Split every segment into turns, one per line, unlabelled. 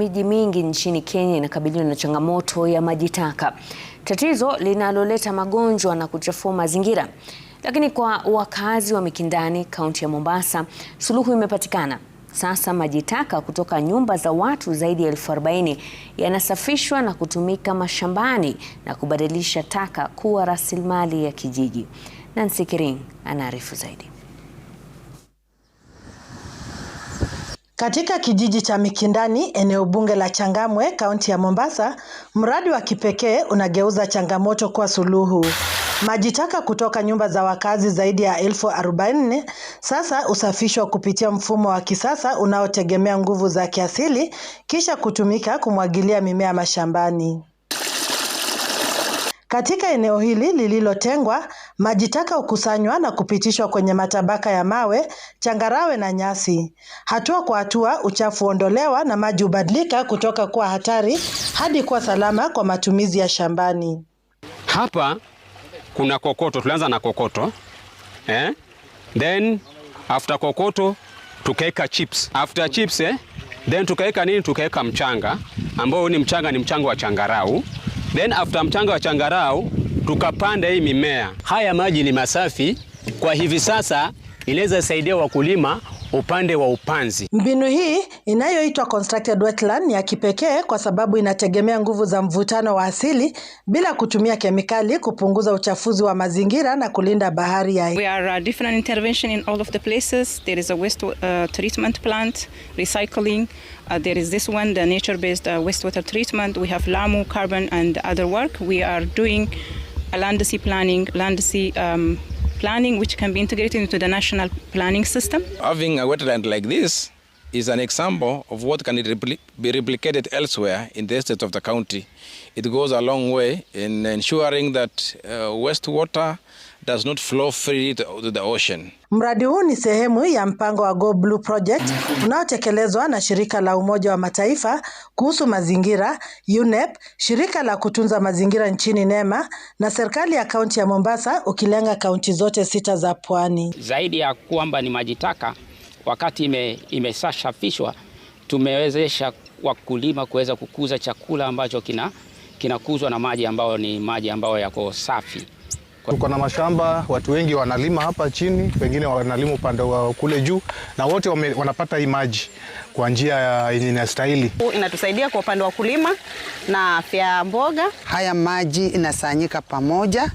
miji mingi nchini Kenya inakabiliwa na changamoto ya maji taka, tatizo linaloleta magonjwa na kuchafua mazingira. Lakini kwa wakazi wa Mikindani, kaunti ya Mombasa, suluhu imepatikana. Sasa maji taka kutoka nyumba za watu zaidi ya elfu arobaini yanasafishwa na kutumika mashambani na kubadilisha taka kuwa rasilimali ya kijiji. Nancy Kiring anaarifu zaidi.
Katika kijiji cha Mikindani, eneo bunge la Changamwe, kaunti ya Mombasa, mradi wa kipekee unageuza changamoto kuwa suluhu. Maji taka kutoka nyumba za wakazi zaidi ya elfu arobaini sasa usafishwa kupitia mfumo wa kisasa unaotegemea nguvu za kiasili kisha kutumika kumwagilia mimea mashambani. Katika eneo hili lililotengwa, Maji taka hukusanywa na kupitishwa kwenye matabaka ya mawe, changarawe na nyasi. Hatua kwa hatua, uchafu huondolewa na maji hubadilika kutoka kuwa hatari hadi kuwa salama kwa matumizi ya shambani.
Hapa kuna kokoto, tulianza na kokoto eh? Then after kokoto tukaweka chips. After chips eh? Then tukaweka nini? Tukaweka mchanga ambao ni mchanga, ni mchanga wa changarau. Then after mchanga wa changarau tukapanda hii mimea. Haya maji ni masafi kwa hivi sasa, inaweza saidia wakulima upande wa upanzi.
Mbinu hii inayoitwa constructed wetland ni ya kipekee kwa sababu inategemea nguvu za mvutano wa asili bila kutumia kemikali, kupunguza uchafuzi wa mazingira na kulinda bahari ya
We are a uh, different intervention in all of the places. There is a waste uh, treatment plant, recycling. Uh, there is this one, the nature based uh, wastewater treatment. We have Lamu, carbon and other work. We are doing a land sea planning, land sea um, planning which can be integrated into the national planning system.
Having a wetland like this is an example of what can be replicated elsewhere in the estate of the county. It goes a long way in ensuring that uh, wastewater does not flow freely to the ocean.
Mradi huu ni sehemu ya mpango wa Go Blue Project unaotekelezwa na shirika la Umoja wa Mataifa kuhusu mazingira UNEP, shirika la kutunza mazingira nchini NEMA na serikali ya kaunti ya Mombasa, ukilenga kaunti zote sita za pwani.
Zaidi ya kwamba ni maji taka, wakati imesashafishwa ime tumewezesha wakulima kuweza kukuza chakula ambacho kinakuzwa kina na maji ambayo ni maji ambayo yako safi.
Tuko na mashamba, watu wengi wanalima hapa chini, wengine wanalima upande wa kule juu, na wote wame, wanapata hii maji kwa njia yenye inastahili.
Inatusaidia kwa upande wa kulima na afya ya mboga.
Haya maji inasanyika pamoja,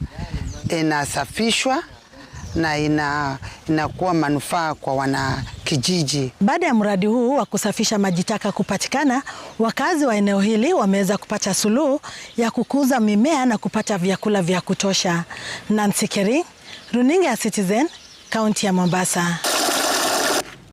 inasafishwa na ina, inakuwa manufaa kwa wana kijiji.
Baada ya mradi huu wa kusafisha maji taka kupatikana, wakazi wa eneo hili wameweza kupata suluhu ya kukuza mimea na kupata vyakula vya kutosha. Nancy Kering, Runinga ya Citizen, kaunti ya Mombasa.